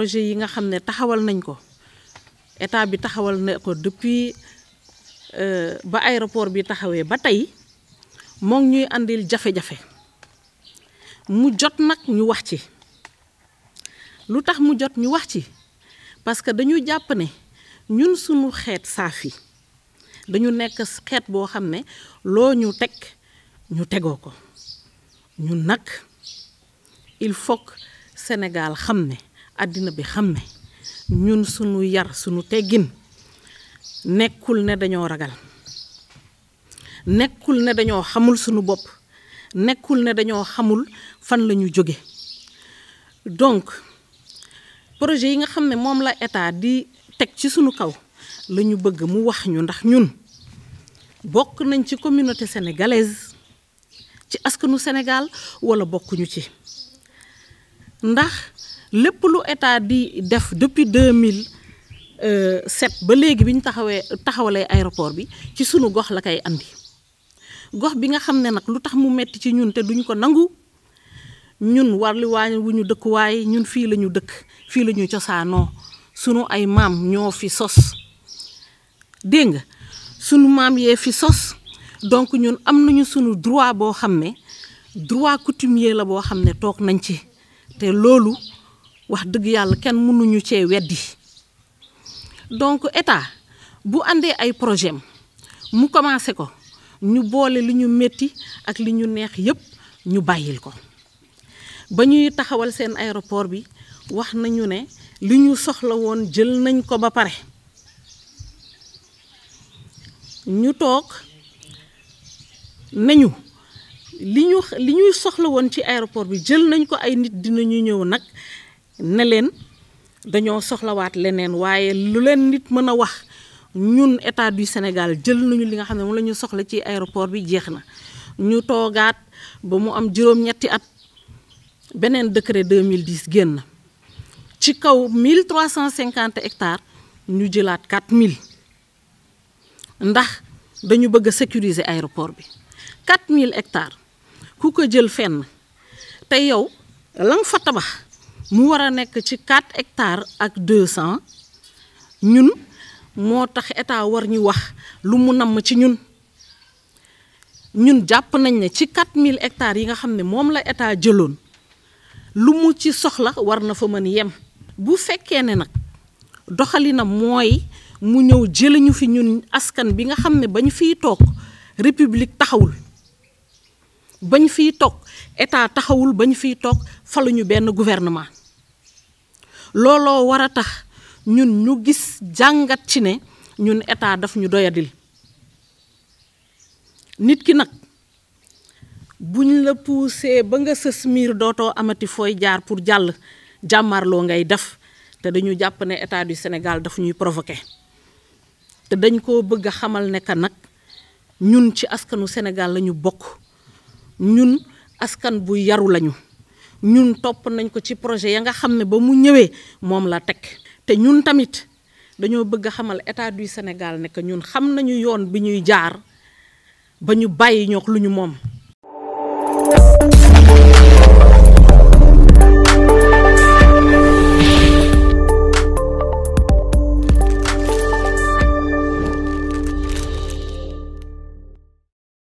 projet yi nga xam ne taxawal nañ ko état bi taxawal na ko depuis euh, ba aéroport bi taxawee ba tey moo ñuy àndil jafe-jafe mu jot nag ñu wax ci lu tax mu jot ñu wax ci parce que dañu jàpp ne ñun sumu xeet saafi dañu nekk xeet boo xam ne loo ñu teg ñu tegoo ko ñun nag il faut que Sénégal xam ne àddina bi xam ñun sunu yar sunu teggin nekkul ne dañoo ragal nekkul ne dañoo xamul sunu bopp nekkul ne dañoo xamul fan la ñu jóge donc projet yi nga xam ne moom la état di teg ci sunu kaw la ñu bëgg mu wax ñu ndax ñun bokk nañ ci communauté sénégalaise ci askanu Sénégal wala bokkuñu ci ndax lépp lu état di def depuis 2007 ba léegi bi ñu taxawee taxawalee aéroport bi ci sunu gox la koy andi gox bi nga xam ne nag lu tax mu metti ci ñun te duñ ko nangu ñun warli waañ wu ñu dëkkuwaay ñun fii la ñu dëkk fii la ñu cosaanoo sunu ay maam ñoo fi sos dégg nga sunu maam yee fi sos donc ñun am nañu sunu droit boo xam ne droit coutumier la boo xam ne toog nañ ci te loolu wax dëgg yàlla kenn mënuñu cee weddi donc état bu àndee ay projet mu commencé ko ñu boole li ñu metti ak li ñu neex yépp ñu bàyyil ko ba ñuy taxawal seen aéroport bi wax nañu ne li ñu soxla woon jël nañ ko ba pare ñu toog nañu li ñu li ñuy soxla woon ci aéroport bi jël nañ ko ay nit dinañu ñëw nag ne len dañoo soxlawaat leneen waaye lu leen nit mën a wax ñun état du Sénégal jël nañu li nga xam ne moom la ñu soxla ci aéroport bi jeex na ñu toogaat ba mu am juróom-ñetti at beneen décret 2010 génn ci kaw 1350 hectares ñu jëlaat 4000 ndax dañu bëgg a sécuriser aéroport bi 4000 hectares ku ko jël fenn te yow la nga fa tabax mu wara nek ci 4 hectares ak 200 ñun moo tax état war ñu wax lu mu nam ci ñun ñun japp nañ ne ci 4000 hectares yi nga xamne mom la état jëlone lu mu ci soxla war na fa mën yem bu fekke ne nak doxalina moy mu fi ñun askan bi nga xamne bañ fi tok république taxawul bañ fi tok état taxawul bañ ñu ben gouvernement Lolo wara nyun tax ñun ñu gis jàngat ci ne ñun état daf ñu doyadil nit ki nag buñ la poussé ba nga sës miir dootoo amati fooy jaar pour jàll jàmmarloo ngay def te dañu jàpp ne état du Sénégal daf ñuy provoqué te dañ koo bëgg nekanak xamal ne ka nag ñun ci askanu Sénégal lañu bokk ñun askan bu yaru lañu ñun topp nañ ko ci projet ya nga xam ne ba mu ñëwee moom la teg te ñun tamit dañoo bëgg xamal état du Sénégal nekk ñun xam nañu yoon bi ñuy jaar ba ñu bàyyi ñook lu ñu moom